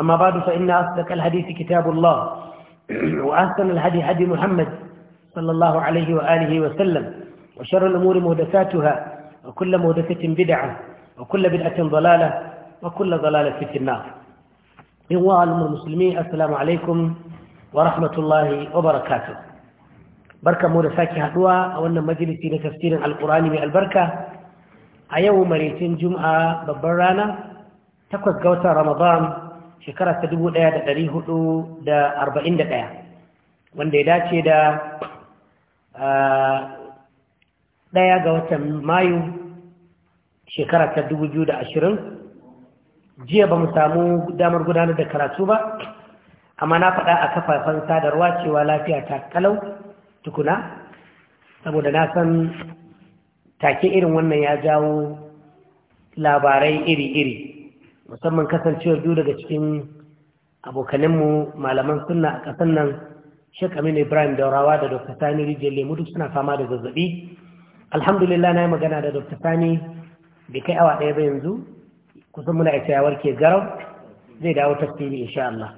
أما بعد فإن أصدق الحديث كتاب الله وأحسن الهدي هدي محمد صلى الله عليه وآله وسلم وشر الأمور مهدساتها وكل مهدسة بدعة وكل بدعة ضلالة وكل ضلالة في النار إخوة المسلمين السلام عليكم ورحمة الله وبركاته بركة مهدساكي هدوى أولنا مجلسي لتفسير القرآن من البركة أيوم مريتين جمعة ببرانا تقوى قوة رمضان shekara ta ɗaya, wanda ya dace da ɗaya ga watan mayu shekara ta ashirin. jiya ba mu samu damar gudanar da karatu ba amma na faɗa a kafafen sadarwa cewa lafiya ta kalau tukuna saboda na san take irin wannan ya jawo labarai iri-iri musamman kasancewar biyu daga cikin abokanenmu malaman suna a ƙasar nan shek aminu ibrahim daurawa da dr sani rijiyar lemu duk suna fama da zazzabi alhamdulillah na yi magana da dr sani bai kai awa ɗaya ba yanzu kusan muna ita ya warke garau zai dawo tafsiri insha Allah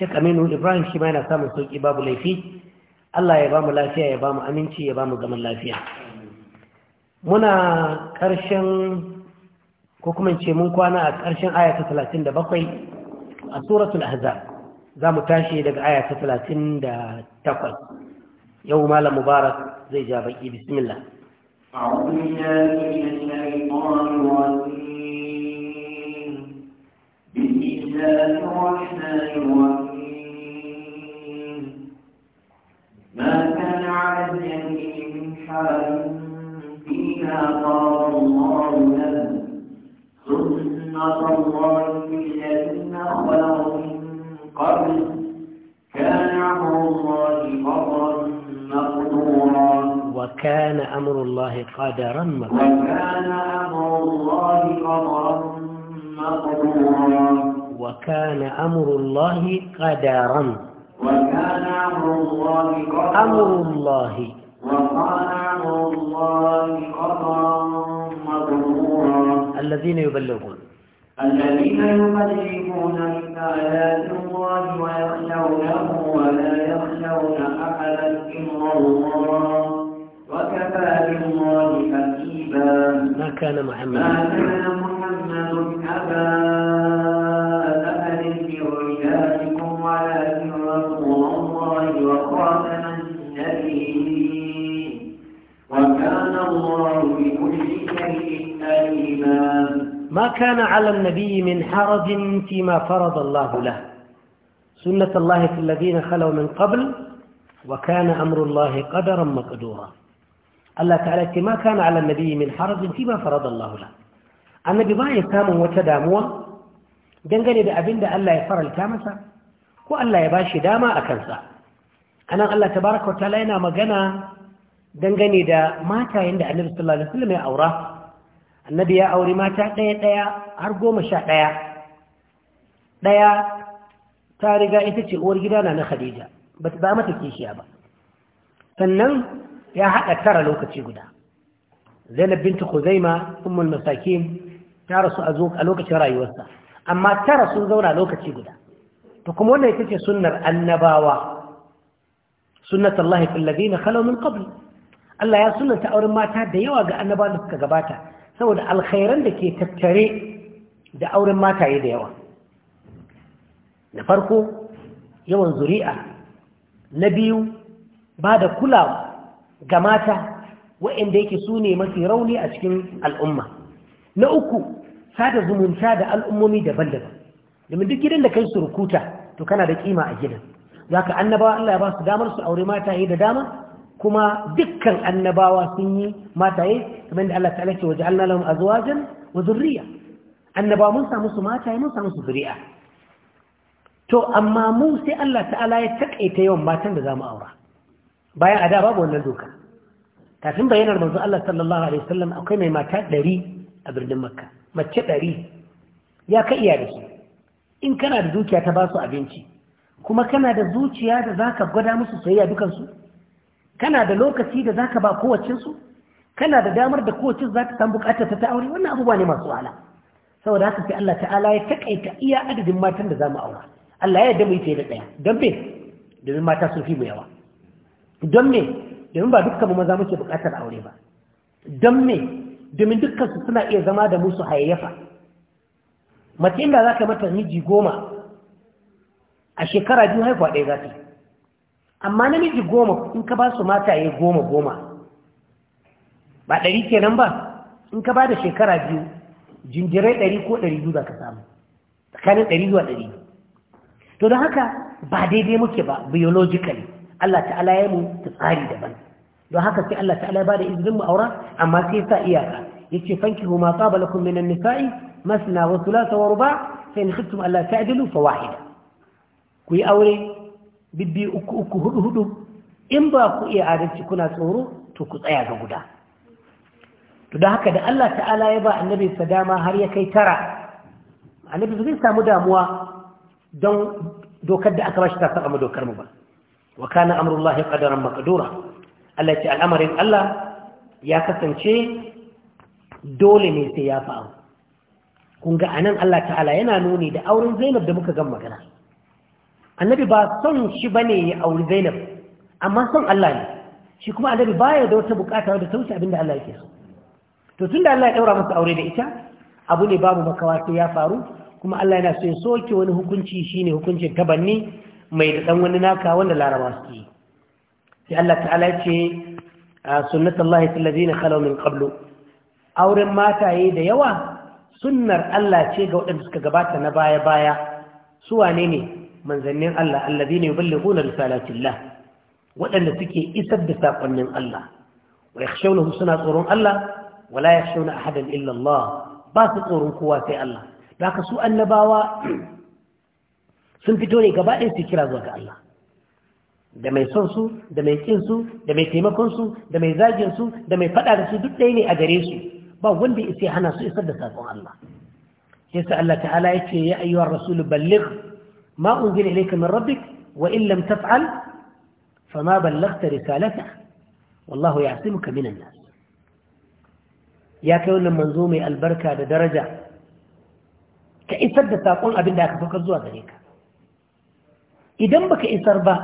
shek aminu ibrahim shi ma yana samun sauƙi babu laifi Allah ya bamu lafiya ya bamu aminci ya ba mu zaman lafiya muna ƙarshen ko kuma ce mun kwana a ƙarshen aya ta 37 a suratul ahzab za mu tashi daga aya ta 38 yau malam mubarak zai ja baki bismillah أعوذ بالله من الشيطان الرجيم بسم الله الرحمن الرحيم ما كان على الجنة من حال فيها قال الله له سنة الله الذين خلوا من قبل كان أمر الله قدرا مقدورا وكان أمر الله قدرا مقدورا وكان أمر الله قدرا مقدورا وكان أمر الله قدرا وكان أمر الله قدرا أمر الله وكان أمر الله قدرا مقدورا الذين يبلغون الذين يبلغون رسالات الله ويخشونه ولا يخشون أحدا إلا الله وكفى بالله حسيبا ما كان محمد ما كان محمد أبا ما كان على النبي من حرج فيما فرض الله له سنة الله في الذين خلوا من قبل وكان أمر الله قدرا مقدورا الله تعالى ما كان على النبي من حرج فيما فرض الله له annabi ba ya samun wata damuwa dangane da abin da Allah ya faralta masa ko Allah ya bashi dama a kansa anan Allah tabaraka wataala yana magana dangane da matayen da annabi sallallahu alaihi ya aura annabi ya auri mata ɗaya ɗaya har goma sha ɗaya ɗaya ta riga ita ce uwar gida na na khadija ba ta mata kishiya ba sannan ya haɗa tara lokaci guda zainab bintu khuzaima ummul masakin ta rasu a lokacin rayuwarsa amma tara sun zauna lokaci guda to kuma wannan ita ce sunnar annabawa sunnatullahi fil ladina khalaw min qabl Allah ya sunnata auren mata da yawa ga Annabawa da suka gabata saboda alkhairan da ke tattare da auren mataye da yawa na farko yawan zuri'a na biyu ba da kulawa ga mata waɗanda yake su ne mafi rauni a cikin al'umma na uku sada zumunta da al'ummomi daban-daban domin duk gidan da kai rukuta, to kana da kima a gidan za ka annabawa Allah ya ba su damar su aure mata yi da dama kuma dukkan annabawa sun yi mataye kamar da Allah ta'ala ce waje Allah lahum azwajan wa zurriya annaba mun samu su mataye mun samu su zuriya to amma mu sai Allah ta'ala ya takaita yawan matan da zamu aura bayan ada babu wannan doka kafin bayanar manzo Allah sallallahu alaihi wasallam akwai mai mata 100 a birnin Makka mace 100 ya kai iya da su in kana da dukiya ta ba su abinci kuma kana da zuciya da zaka gwada musu soyayya dukansu kana da lokaci da zaka ba kowacinsu kana da damar da kowacin zaka san bukatar ta ta aure wannan abubuwa ne masu wahala saboda haka sai Allah ta'ala ya takaita iya adadin matan da zamu aura Allah ya yarda mu yi da daya don me domin mata sun fi mu yawa don me domin ba dukkan mu maza muke bukatar aure ba don me domin dukkan su suna iya zama da musu hayayyafa mace inda ka mata miji goma a shekara biyu haihuwa ɗaya za ta yi amma namiji goma in ka ba su mataye goma goma ba ɗari kenan ba in ka ba da shekara biyu jinjirai ɗari ko ɗari biyu za ka samu tsakanin ɗari zuwa ɗari to don haka ba daidai muke ba biologically Allah ta'ala ya mu ta tsari daban don haka sai Allah ta'ala ya ba da izinin mu aura amma sai sa iyaka yace fankihu ma qabala lakum minan nisa'i masna wa thulatha wa ruba' fa in khiftum alla ta'dilu fa wahida ku yi aure bibbi uku uku hudu hudu in ba ku iya adalci kuna tsoro to ku tsaya ga guda to da haka da Allah ta'ala ya ba annabi sa dama har ya kai tara annabi zai samu damuwa don dokar da aka bashi ta saba mu dokar mu ba wa kana amrullahi qadaran maqdura Allah ya ce al'amarin Allah ya kasance dole ne sai ya faru kun ga anan Allah ta'ala yana nuni da auren Zainab da muka gan magana annabi ba son shi bane ya auri zainab amma son Allah ne shi kuma annabi baya da wata bukata da tausa abinda Allah yake so to tunda Allah ya daura masa aure da ita abu ne babu makawa sai ya faru kuma Allah yana so ya soke wani hukunci shine hukuncin tabanni mai da dan wani naka wanda larabawa suke sai Allah ta'ala ya ce sunnatullahi tallazina khalaw min qablu auren yi da yawa sunnar Allah ce ga waɗanda suka gabata na baya baya su wanene? ne manzannin Allah allazi ne ballighuna risalatillah waɗanda suke isar da sakonnin Allah wa yakhshawnahu suna tsoron Allah wala yakhshawna ahadan illa Allah ba su tsoron kowa sai Allah haka su annabawa sun fito ne gaba ɗaya su kira zuwa ga Allah da mai son su da mai kin su da mai taimakon su da mai zagin su da mai faɗa da su duk ɗaya ne a gare su ba wanda ya hana su isar da sakon Allah sai sa Allah ta'ala ya ce ya ayyuhar rasulu balligh ما أنزل إليك من ربك وإن لم تفعل فما بلغت رسالته والله يعصمك من الناس يا كون منظومة البركة لدرجة كإسر تقول أبن داك فكر زوا ذلك إذن بك إسر با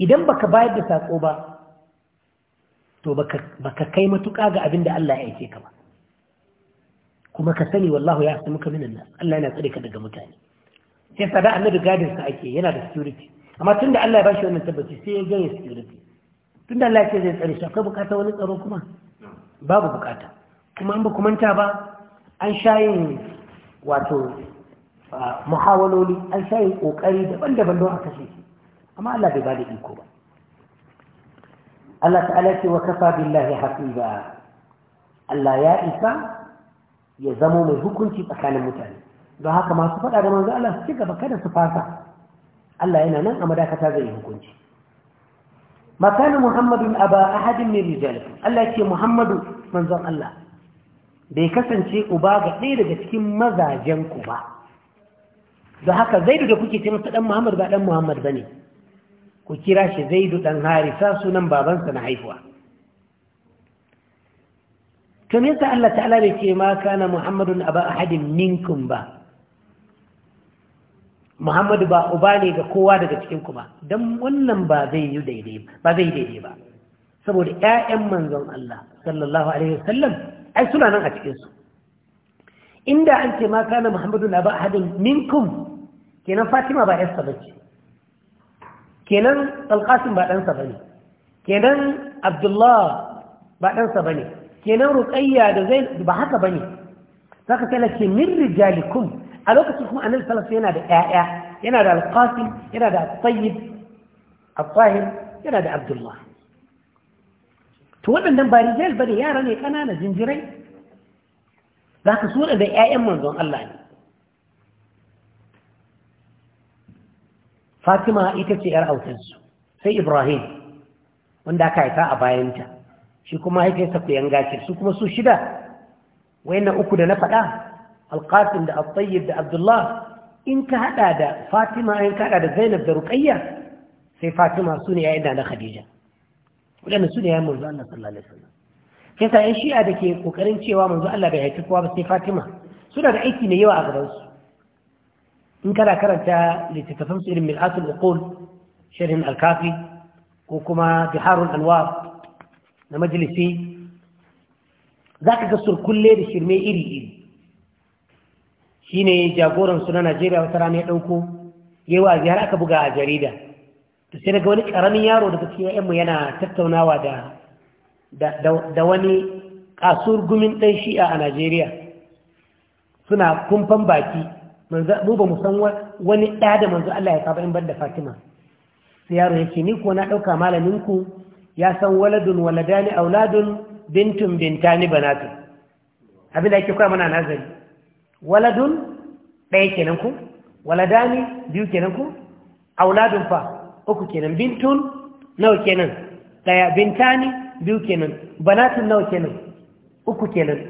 إذن بك بايد تقوبا to baka kai matuƙa ga abin da Allah ya aike ka ba kuma ka sani wallahu ya asmuka kamin nan Allah yana tsare ka daga mutane sai sada annabi gadin sa ake yana da security amma tunda Allah ya bashi wannan tabbaci sai ya gane security tunda Allah ya ce zai tsare shi akwai bukata wani tsaro kuma babu bukata kuma an ba ku manta ba an shayin wato muhawaloli an shayin kokari daban-daban don a kashe shi amma Allah bai ba da iko ba Allah ta'ala ce wa kafa billahi hasiba Allah ya isa ya zamo mai hukunci tsakanin mutane don haka masu faɗa da manzo Allah su gaba kada su fasa Allah yana nan a madakata zai yi hukunci makana muhammadu aba ahadin min rijalikum Allah ce muhammadu manzon Allah bai kasance uba ga ɗaya daga cikin mazajen ku ba don haka zaidu da kuke ce masa dan muhammad ba dan ba bane ku kira shi zaidu dan harisa sunan babansa na haihuwa to me yasa Allah ta'ala bai ce ma kana na aba ahadin minkum ba Muhammadu ba uba ne ga kowa daga cikin ku ba dan wannan ba zai yi daidai ba zai daidai ba saboda ƴaƴan manzon Allah sallallahu alaihi wasallam ai suna nan a cikin su inda an ce ma kana na aba ahadin minkum kenan Fatima ba ƴarsa bace kenan Alqasim ba ɗansa bane kenan Abdullah ba ɗansa bane kenan ruqayya da zai ba haka bane saka sai lace min rijalikum a lokacin kuma annabi sallallahu yana da ƴaƴa yana da alqasim yana da at-tayyib at-tahir yana da abdullah to waɗannan ba rijal bane yara ne kanana jinjirai zaka su da ƴaƴan manzon Allah ne Fatima ita ce ‘yar autansu, sai Ibrahim, wanda aka haifa a bayanta. shi kuma haifinsa ku yanga shi su kuma su shida wayannan uku da na faɗa alqasim da al-tayyib da abdullah in ka haɗa da fatima in ka haɗa da zainab da ruqayya sai fatima su ne yayin da khadija wadanda su ne yayin manzo Allah sallallahu alaihi wasallam sai yan shi'a da ke kokarin cewa manzo Allah bai haifi kowa ba sai fatima suna da aiki ne yawa a gaban su in kana karanta littattafan su irin mil'atul uqul sharhin al-kafi ko kuma biharul anwar na majalisi za ka ga kulle da shirme iri-iri shi ne jagoransu na najeriya wata rana ya ɗauko yawa har aka buga a jarida Ta sai daga wani ƙaramin yaro daga tafiya yamma yana tattaunawa da wani kasuwar gumin ɗan shi'a a najeriya suna kumfan baki mu ba mu san wani ɗa da manzo Allah ya saba in ban da fatima sai yaro ya ce ni ko na ɗauka malaminku ya san waladun waladani auladun bintun bintani banatun abin da yake kwa mana nazari waladun ɗaya kenan ku waladani biyu kenan ku auladun fa uku kenan bintun nawa kenan ɗaya bintani biyu kenan banatun nawa kenan uku kenan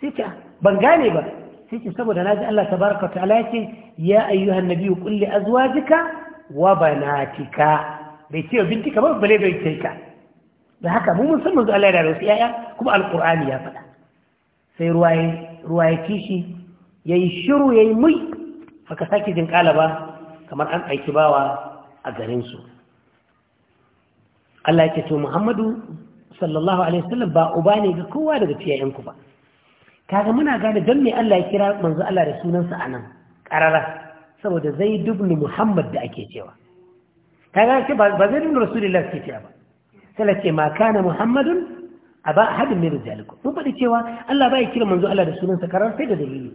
sika ban gane ba sika saboda na ji Allah tabaraka ala yake ya ayyuhan nabiyyu kulle azuwa jika wa banatika bai ce bintika ba bale bai ce ka da haka mun mun san manzo Allah yana da wasu yaya kuma alqur'ani ya faɗa sai ruwa ya kishi yayi shiru yayi mai haka sake jin kalaba kamar an aiki bawa a garin su Allah yake to Muhammadu sallallahu alaihi wasallam ba uba ne ga kowa daga ciyayen ku ba kaga muna gane dan me Allah ya kira manzo Allah da sunansa anan karara saboda Zaid ibn Muhammad da ake cewa kaga ce ba Zaid ibn Rasulullah ke cewa ba sai ce ma kana muhammadun a ba hadin min rijalikum mun faɗi cewa Allah ba ya kira manzo Allah da sunansa karar sai da dalili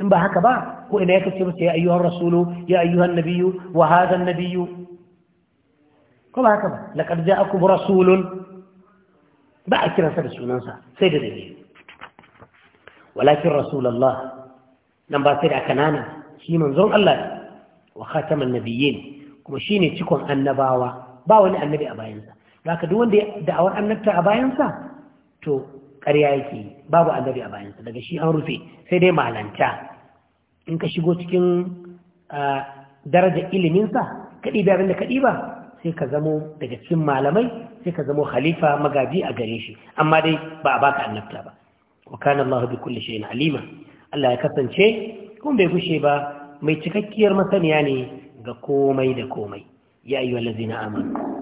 in ba haka ba ko ina ya kace masa ya ayyuhan rasulu ya ayyuhan nabiyyu wa hadha an-nabiyyu ko ba haka ba laqad ja'akum rasulun ba a kiransa da sunansa sai da dalili walakin rasulullah nan ba sai da kanana shi manzon Allah wa khataman nabiyyin kuma shine cikon annabawa ba wani annabi a bayansa zaka duk wanda da'awar annabta a bayansa to ƙarya yake babu annabi a bayansa daga shi an rufe sai dai malanta in ka shigo cikin darajar iliminsa kaɗi da abin da kaɗi ba sai ka zamo daga cikin malamai sai ka zamo khalifa magaji a gare shi amma dai ba a baka annabta ba wa kana Allah bi kulli shay'in alima Allah ya kasance kun bai gushe ba mai cikakkiyar masaniya ne ga komai da komai ya lazina amanu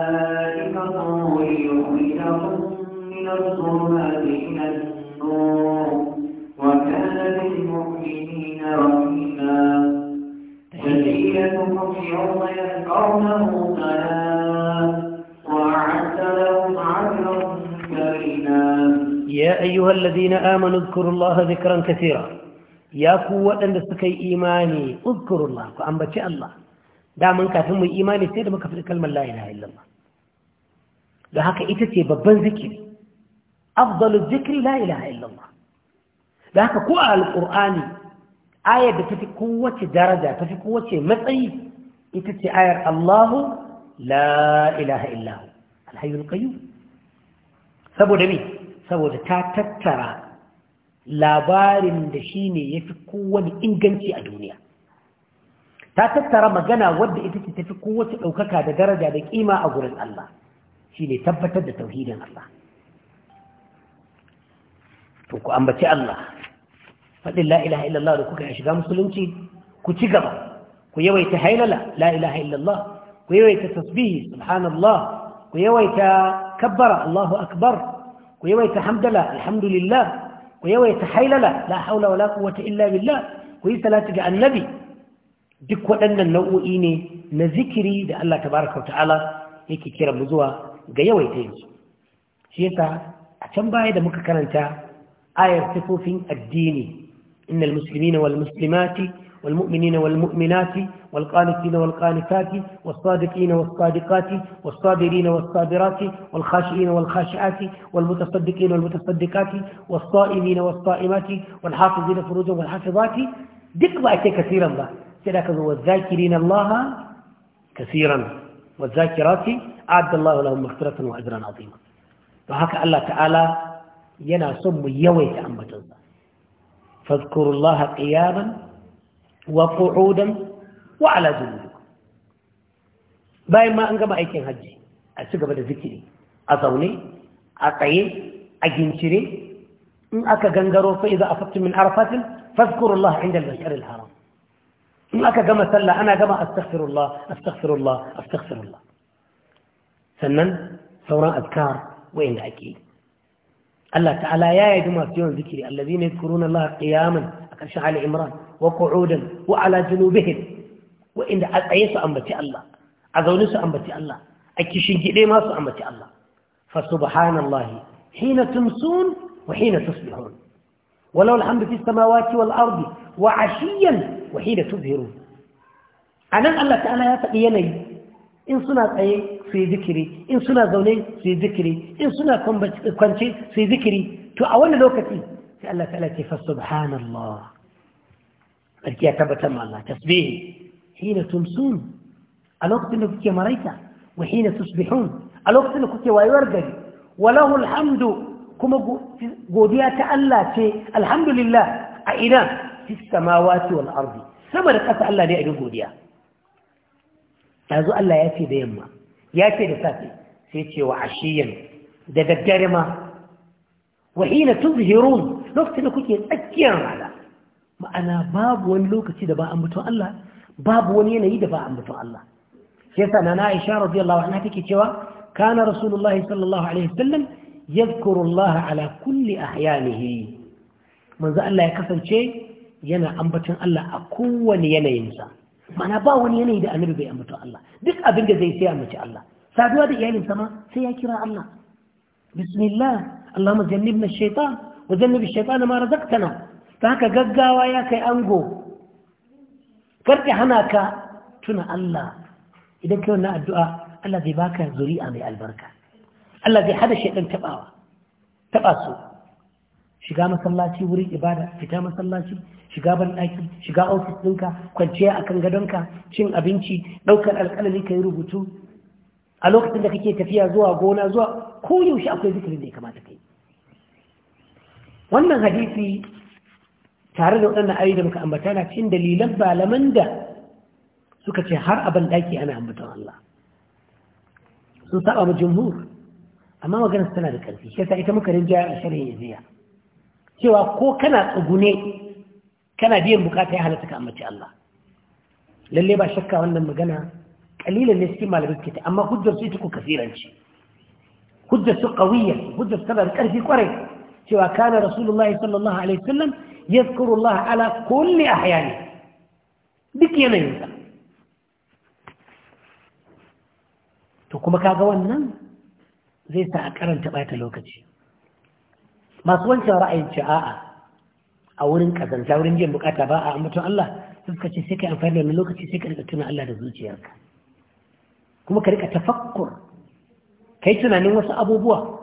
قومه ألا وعدت لهم عدلا كريما يا أيها الذين آمنوا اذكروا الله ذكرا كثيرا يا قوة أن تسكي إيماني اذكروا الله فأنبتي الله دعما كافم إيماني سيد ما كفر كلمة لا إله إلا الله da haka ita ce babban zikiri afdalul zikri la ilaha illallah da haka ko a alqur'ani ayar da tafi kowace daraja tafi kowace matsayi ita ce ayar Allahu la ilaha illahu alhayyul qayyum saboda me saboda ta tattara labarin da shine yafi kowane inganci a duniya ta tattara magana wadda ita ce tafi kowace ɗaukaka da daraja da kima a gurin Allah shine tabbatar da tauhidin Allah to ku ambaci Allah faɗin la ilaha illallah da kuka shiga musulunci ku ci gaba ku yawaita hailala la ilaha illallah ku yawaita tasbihi subhanallah ku yawaita kabbara Allahu akbar ku yawaita hamdala alhamdulillah ku yawaita hailala la haula wala quwwata illa billah ku yi salati ga annabi duk waɗannan nau'o'i ne na zikiri da Allah tabaraka wa ta'ala yake kira mu zuwa ga yawaita yanzu shi yasa a can baya da muka karanta ayar sifofin addini innal muslimina wal muslimati والمؤمنين والمؤمنات والقانتين والقانتات والصادقين والصادقات والصابرين والصابرات والخاشئين والخاشعات والمتصدقين والمتصدقات والصائمين والصائمات والحافظين فروجهم والحافظات دق بأتي كثيرا الله سلاك والذاكرين الله كثيرا والذاكرات أعد الله لهم مغفرة وأجرا عظيما وهكا الله تعالى ينا سم يويت الله فاذكروا الله قياما وقعودا وعلى جنوب bayan ma an gama aikin hajji a ci gaba da zikiri a zaune a tsaye a gincire in aka gangaro fa idza afattu min arafatin fadhkurullah inda al-mash'ar al-haram in aka gama sallah ana gama astaghfirullah astaghfirullah astaghfirullah sannan sauran azkar wa'inda ake yi Allah ta'ala ya yaji masu yawan zikiri allazina yadhkuruna Allah qiyaman ƙarshen Ali Imran wa qu'udan wa ala junubihim wa inda a tsaye su ambaci Allah a zaune su ambaci Allah a kishin gide ma su ambaci Allah fa subhanallahi hina tumsun wa hina tusbihun walau alhamdu fis samawati wal ardi wa ashiyan wa hina tuzhirun anan Allah ta'ala ya faɗi yanayi in suna tsaye su yi zikiri in suna zaune su yi zikiri in suna kwance su yi zikiri to a wani lokaci sai Allah ta'ala ce fa subhanallah sarki ya tabbatar ma Allah tasbihi hina tumsun a lokacin da kuke maraita wa hina tusbihun a lokacin da kuke wayewar gari walahu alhamdu kuma godiya ta Allah ce alhamdulillah a ina fi samawati wal ardi sama da kasa Allah ne a godiya yanzu Allah ya ce da yamma ya ce da safe sai ce wa ashiyan da daddare ma wa hina tuzhirun lokacin da kuke tsakiyar rana ma'ana babu wani lokaci da ba an Allah babu wani yanayi da ba an Allah shi yasa na Aisha radiyallahu anha take cewa kana rasulullahi sallallahu alaihi wasallam yadhkuru Allah ala kulli ahyanihi manzo Allah ya kasance yana ambaton Allah a kowane yanayinsa mana ba wani yanayi da annabi bai ambaton Allah duk abin da zai sai ambaci Allah saduwa da iyalinsa ma sai ya kira Allah bismillah Allahumma jannibna shaytan wajen shaitana ma razaqtana ta haka gaggawa ya kai ango karki hana ka tuna Allah idan kai wannan addu'a Allah zai baka zuri'a mai albarka Allah zai hada shaitan tabawa taba su shiga masallaci wurin ibada fita masallaci shiga banɗaki shiga ofis ɗinka kwanciya akan gadonka cin abinci ɗaukar alƙalami ka yi rubutu a lokacin da kake tafiya zuwa gona zuwa ko yaushe akwai zikirin da ya kamata kai wannan hadisi tare da waɗannan ayoyi da muka ambata na cikin dalilan balaman da suka ce har abin daki ana ambatan Allah sun saba mu jumhur amma maganar tana da ƙarfi shi yasa ita muka rinja a sharhin yaziya cewa ko kana tsugune kana biyan bukata ya halatta ka ambaci Allah lalle ba shakka wannan magana kalilan ne cikin malamai ke amma hujjar su ita ko kasiranci hujjar su qawiyya hujjar tana da ƙarfi kwarai cewa kana rasulullahi sallallahu alaihi wasallam yadhkuru Allah ala kulli ahyani duk yanayinsa to kuma kaga wannan zai sa a karanta bata lokaci masu wancan ra'ayin ce a'a a wurin kazanta wurin jin bukata ba a ambaton Allah suka ce sai ka amfani da lokaci sai ka rika tuna Allah da zuciyarka kuma ka rika tafakkur kai tunanin wasu abubuwa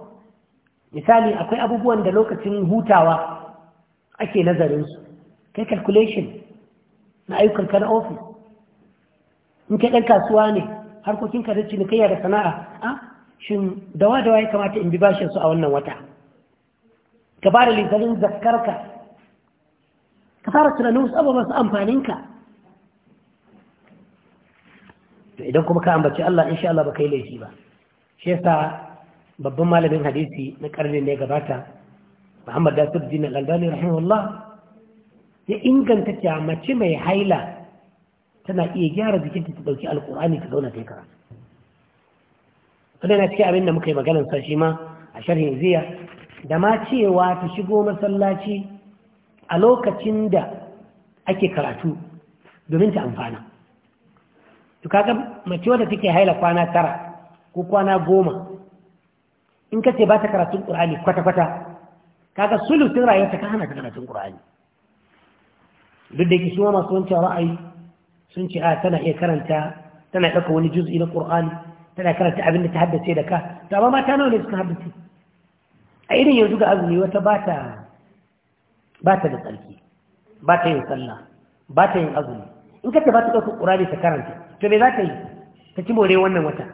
misali akwai abubuwan da lokacin hutawa ake nazarinsu kai calculation na ka na ofis in kai ɗan kasuwa ne harkokin ka da cinikayya da sana'a a ah, shin dawa-dawa ya kamata in bi bashin su a wannan wata ka ba da lizarin zakarka ka fara tunanin wasu abubuwan su amfaninka idan kuma ka ambaci Allah insha Allah ba kai laifi ba shi yasa babban malamin hadisi na karni ne gabata muhammad dasir din al-albani rahimahullah ya inganta cewa mace mai haila tana iya gyara jikinta ta dauki alkur'ani ta zauna ta yi kara. wadanda cikin abin da muka yi maganin sa shi ma a sharhin ziya da ma cewa ta shigo masallaci a lokacin da ake karatu domin ta amfana to kaga mace wadda take haila kwana tara ko kwana goma in kace ba ta karatun qur'ani kwata kwata kaga sulutin rayuwarta ka hana ta karatun qur'ani duk da ke su masu wancan ra'ayi sun ce a ah, tana iya karanta tana ɗauka wani juz'i na qur'ani tana karanta abin da ta haddace da ka to amma mata nawa ne suka haddace a irin yanzu ga azumi wata ba ta ba ta da tsarki ba ta yin sallah ba ta yin azumi in ka ce ba ta ɗauka qur'ani ta karanta to me za ta yi ta ci more wannan wata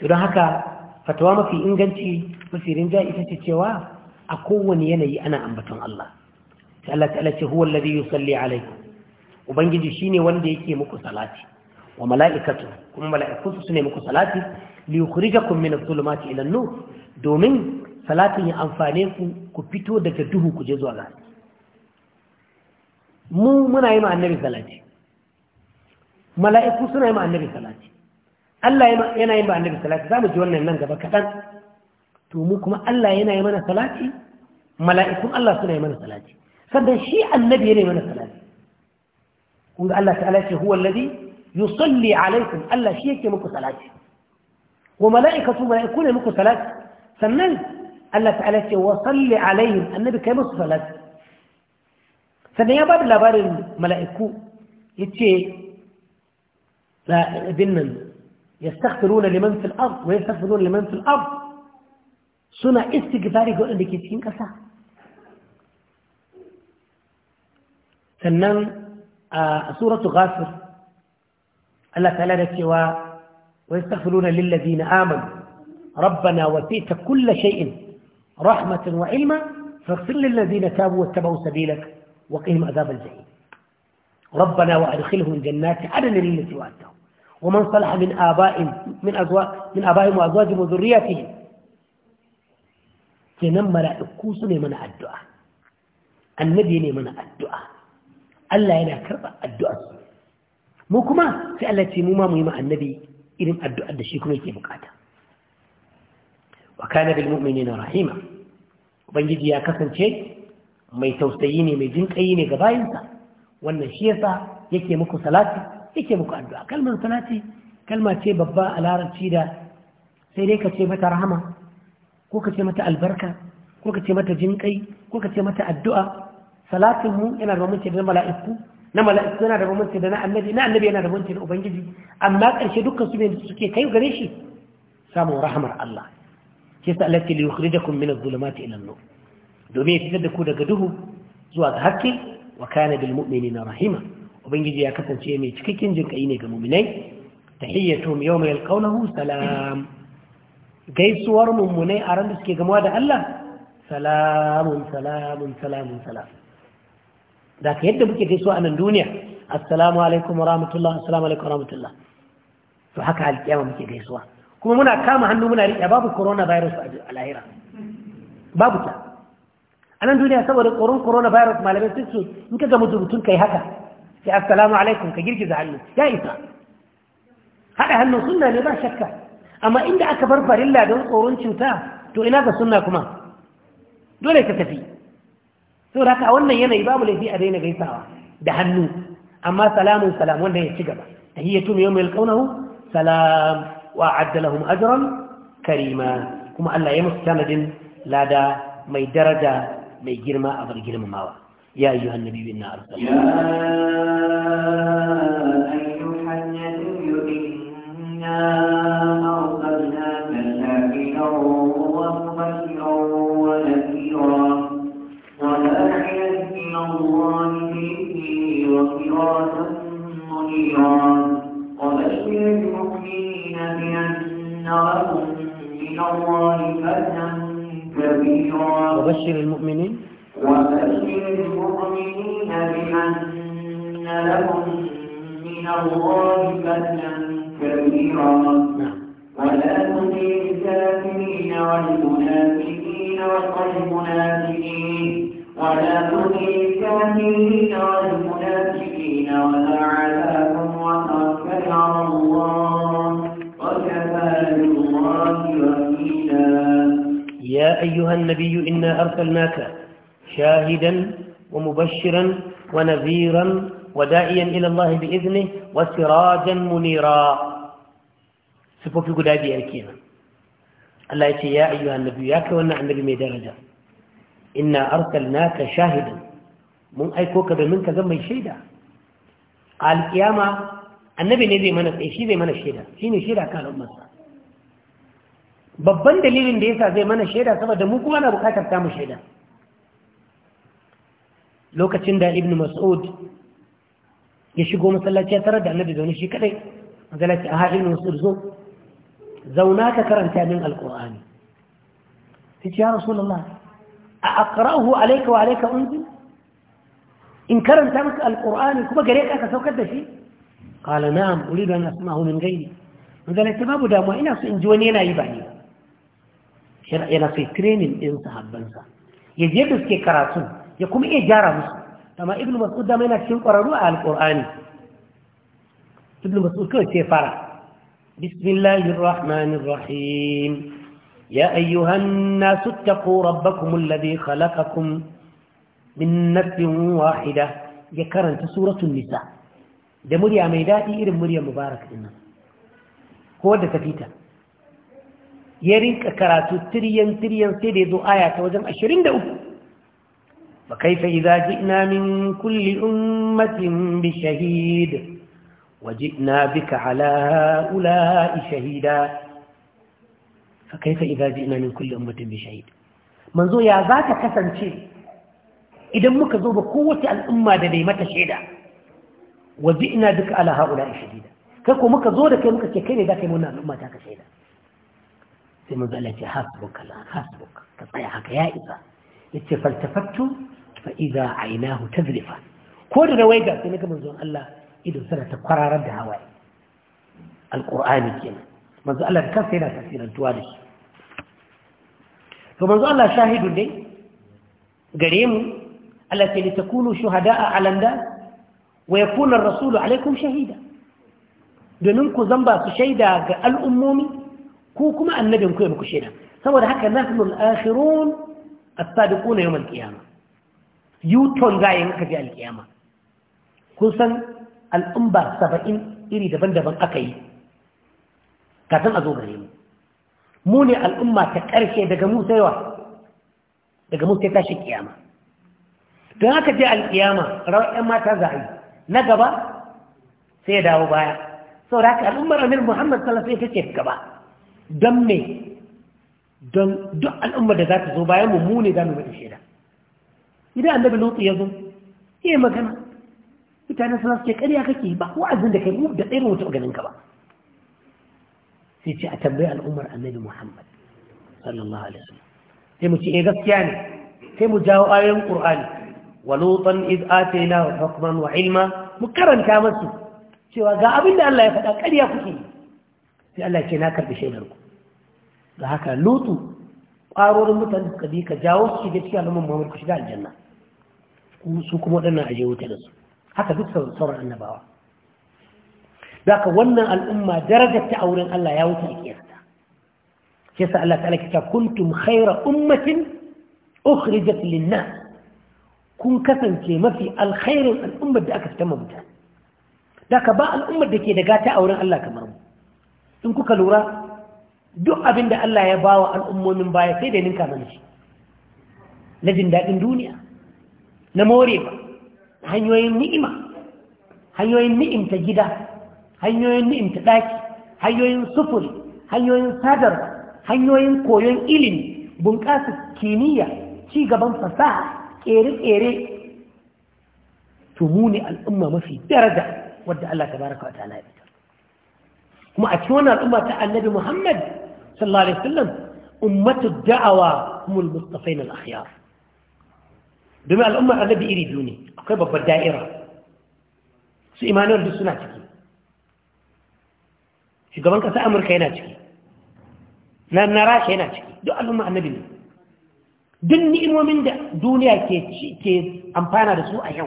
to don haka fatawa mafi inganci mafi rinja ita ce cewa a kowane yanayi ana ambaton Allah sai Allah ta'ala ce huwa alladhi yusalli alaikum ubangiji shine wanda yake muku salati wa mala'ikatu kuma mala'ikunsu su ne muku salati li yukhrijakum min adh-dhulumati ila an-nur domin salatin ya amfane ku ku fito daga duhu ku je zuwa ga mu muna yi ma annabi salati mala'iku suna yi ma annabi salati Allah yana yin ba annabi salati za mu ji wannan nan gaba kaɗan to mu kuma Allah yana yi mana salati mala'ikun Allah suna yi mana salati sannan shi annabi yana yi mana salati Kuma Allah ta'ala ce huwa alladhi yusalli alaikum Allah shi yake muku salati wa mala'ikatu mala'iku ne muku salati sannan Allah ta'ala ce wa salli alaihim annabi kai musu salati sannan ya ba da labarin mala'iku yace abin nan يستغفرون لمن في الأرض ويستغفرون لمن في الأرض سنة استغفار يقول لك يتكين كسا سنن آه، سورة غافر الله تعالى نسيوا ويستغفرون للذين آمنوا ربنا وفيت كل شيء رحمة وعلمة فاغفر للذين تابوا واتبعوا سبيلك وقهم عذاب الجحيم ربنا وأدخلهم الجنات عدن للذين آمنوا ومن صلح من آبائهم من أزواج من آبائهم وأزواجهم وذريتهم kenan mala'iku su ne mana addu'a annabi ne mana addu'a Allah yana karɓa addu'a mu kuma sai Allah ce mu ma mu yi ma annabi irin addu'ar da shi kuma yake bukata wa kana bil na rahima ubangiji ya kasance mai tausayi ne mai jinƙayi ne ga bayinsa wannan shi yasa yake muku salati yake muku addu'a kalmar ce kalma ce babba a larabci da sai dai ka ce mata rahama ko ka ce mata albarka ko ka ce mata jinkai ko ka ce mata addu'a salatin mu yana da bambanci da mala'iku na mala'iku yana da bambanci da na annabi na annabi yana da bambanci da ubangiji amma ƙarshe dukkan su ne suke kai gare shi samun rahamar Allah ke sa Allah ke li yukhrijakum min adh-dhulumati ila an-nur domin ya fitar da ku daga duhu zuwa ga haske wa kana bil mu'minina rahima ubangiji ya kasance mai cikakken jinkai ne ga muminai tahiyyatuhum yawma yalqawnahu salam gaisuwar mummunai a ran da suke gamuwa da Allah salamun salamun salamun salam da ka yadda muke gaisuwa a nan duniya assalamu alaikum wa rahmatullah assalamu alaikum wa rahmatullah to haka alƙiyama muke gaisuwa kuma muna kama hannu muna riƙe babu coronavirus a lahira babu ta a nan duniya saboda tsoron coronavirus malamai sun su, in ka ga mutum kai haka sai assalamu alaikum ka girgiza hannu ya isa haɗa hannu sunna ne ba shakka amma inda aka bar farilla don tsoron cuta to ina ga kuma dole ka tafi saboda haka a wannan yanayi babu laifi a daina gaisawa da hannu amma salamun salam wanda ya ci gaba tahiyyatu yawmi yalqawnahu salam wa a'adda lahum ajran karima kuma Allah ya musu tanadin lada mai daraja mai girma a bar girmamawa يا أيها النبي إنا أرسلنا يا أيها النبي إنا أرسلناك شاهدا ومبشرا ونذيرا وداعيا إلى الله بإذنه وسراجا منيرا سبب في قدادي أركينا الله يتي يا أيها النبي ياك وانا النبي مي إنا أرسلناك شاهدا من كوكب منك زمي شيدا على القيامة النبي نبي من الشيدة من الشيدة شين الشيدة كان أمسا babban dalilin da yasa zai mana shaida saboda mu kuma na bukatar ta mu shaida lokacin da ibnu mas'ud ya shigo masallaci ya tarar da annabi zaune shi kadai masallaci a haɗin mas'ud zo zauna ka karanta min alqur'ani sai ya rasulullah a aqra'uhu alayka wa alayka unzi in karanta maka alqur'ani kuma gare ka ka saukar da shi qala na'am uridu an asma'ahu min ghayri ce babu damuwa ina so in ji wani yana yi ba ne ba yana sai training ɗin sahabbansa ya je da suke karatun ya kuma iya gyara musu amma ibn mas'ud yana cikin ƙwararru a alƙur'ani ibn mas'ud kawai ce fara bismillahir ya ayyuhan nasu taqu rabbakum alladhi khalaqakum min nafsin wahida ya karanta suratul nisa da murya mai daɗi irin muryar mubarak din nan ko da fita. ya rinka karatu tiriyan tiriyan sai da zo aya ta wajen 23 ba kai fa iza ji'na min kulli ummatin bi shahid wa ji'na bika ala ula'i shahida fa kai fa iza ji'na min ummatin bi manzo ya za ka kasance idan muka zo ba kowace al'umma da bai mata shaida wa ji'na bika ala ula'i shahida kai ko muka zo da kai muka ce kai ne za ka yi mun al'umma ta ka shaida sai manzo ala ce hasbuka la hasbuka ka tsaya haka ya isa yace faltafattu fa idza aynahu tazrifa ko da waiga sai naga manzon Allah idan sana ta kwararar da hawaye alqur'ani kenan manzo Allah da kansa yana tafsirantuwa da shi to manzo Allah shahidun ne gare mu Allah ce litakunu shuhada'a 'ala an wa yakuna ar-rasulu 'alaykum shahida domin ku zamba su shaida ga al'ummomi ku kuma annabin ku ya muku shaida saboda haka nahnu al-akhirun as-sabiquna yawm al-qiyamah yuton zai yin kaji al-qiyama kun san al'umma 70 iri daban-daban aka yi kafin a zo gare mu mu ne al'umma ta ƙarshe daga mu sai wa daga mu sai tashi kiyama don haka je alkiyama rawar 'yan mata za a yi na gaba sai ya dawo baya sau da haka al'ummar amir muhammad salafai ta ce gaba don me don duk al'ummar da za ta zo bayan mu ne za mu bada shaida idan annabi lutsu ya zo yi magana mutane suna suke karya kake ba wa'azin da kai mu da tsayar wata ganin ka ba sai ce a tambayi al'ummar annabi muhammad sallallahu alaihi wasallam sai mu ci eh gaskiya ne sai mu jawo ayoyin qur'ani wa lutan iz na hukman wa ilma mu karanta masu cewa ga abin da Allah ya faɗa ƙarya kuke yi sai Allah ce na karbi shaidar ku da haka lutu ƙwarorin mutane suka bi ka jawo su shiga cikin al'umman muhammad shiga aljanna su kuma waɗannan aje wuta da su haka duk sauran annabawa da ka wannan al'umma darajar ta auren Allah ya wuce a kiyasta shi yasa Allah ta'ala kita kuntum khaira ummatin ukhrijat Linna, kun kasance mafi alkhairin al'ummar da aka fitar mutane da ka ba al'ummar da ke da gata auren Allah kamar mu in kuka lura duk abin da Allah ya bawa al'ummomin baya sai da ninka mana na jin daɗin duniya na more ba hanyoyin ni'ima hanyoyin ni'imta gida hanyoyin ni'imta ɗaki hanyoyin sufuri hanyoyin sadar hanyoyin koyon ilimi bunƙasa kimiyya ci gaban fasaha ƙere-ƙere tumuni al'umma mafi daraja wadda Allah ta baraka wa ta'ala kuma a cikin wannan al'umma ta annabi Muhammad sallallahu alaihi wasallam ummatu da'awa humul mustafain al akhyar domin al'ummar annabi iri biyu ne akwai babbar da'ira su imanuwar duk suna ciki shugaban ƙasa amurka yana ciki na rasha yana ciki duk al'umma annabi ne duk ni'imomin da duniya ke amfana da su a yau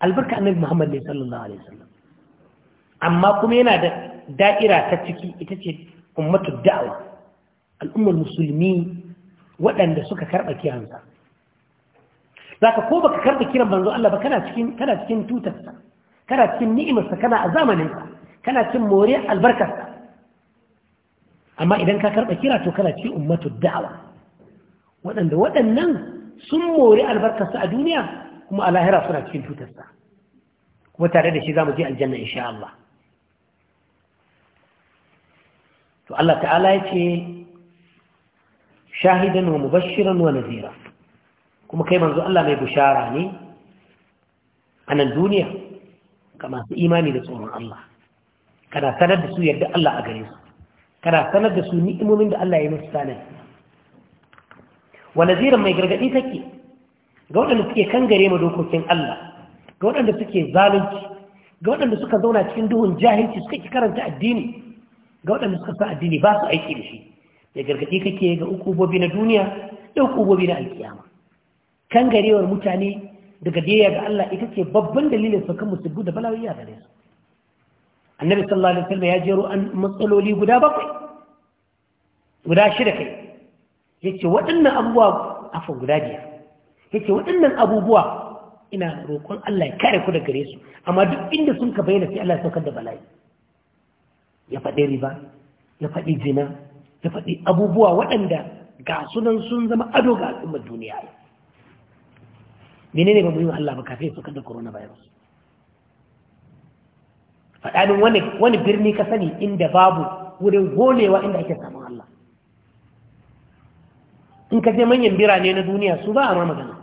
albarka annabi muhammad ne sallallahu alaihi wasallam amma kuma yana da da'ira ta ciki ita ce ummatul da'awa al'ummar musulmi waɗanda suka karɓa kiransa za ka ko baka karɓa kiran manzo Allah ba kana cikin kana cikin tutarsa kana cikin ni'imarsa kana a zamaninsa kana cikin more albarkarsa amma idan ka karɓa kira to kana cikin ummatul da'awa waɗanda waɗannan sun more albarkarsa a duniya kuma a lahira suna cikin tutarsa kuma tare da shi za mu je aljanna insha Allah to Allah ta'ala ya ce shahidan wa mubashiran wa nazira kuma kai manzo Allah mai bushara ne a nan duniya ga masu imani da tsoron Allah kana sanar da su yadda Allah a gare su kana sanar da su ni'imomin da Allah ya musu sanar wa naziran mai gargadi take ga waɗanda suke kan gare ma dokokin Allah ga waɗanda suke zalunci ga waɗanda suka zauna cikin duhun jahilci suka ki karanta addini ga waɗanda suka sa addini ba su aiki da shi da gargaɗi kake ga ukubobi na duniya da ukubobi na alkiyama kan garewar mutane daga biyayya ga Allah ita ce babban dalilin saukan musulmi da balawiyya gare su annabi sallallahu alaihi wasallam ya jero an matsaloli guda bakwai guda shida kai yace waɗannan abubuwa afan guda biyar yace waɗannan abubuwa ina roƙon Allah ya kare ku daga gare su amma duk inda sun ka bayyana sai Allah ya saukar da bala'i ya faɗi riba ya faɗi jina ya faɗi abubuwa waɗanda ga sunan sun zama ado ga al'ummar duniya yau menene ba muhimmin Allah ba kafin suka da coronavirus faɗa min wani wani birni ka sani inda babu wurin golewa inda ake samun Allah in ka je manyan birane na duniya su ba a ma magana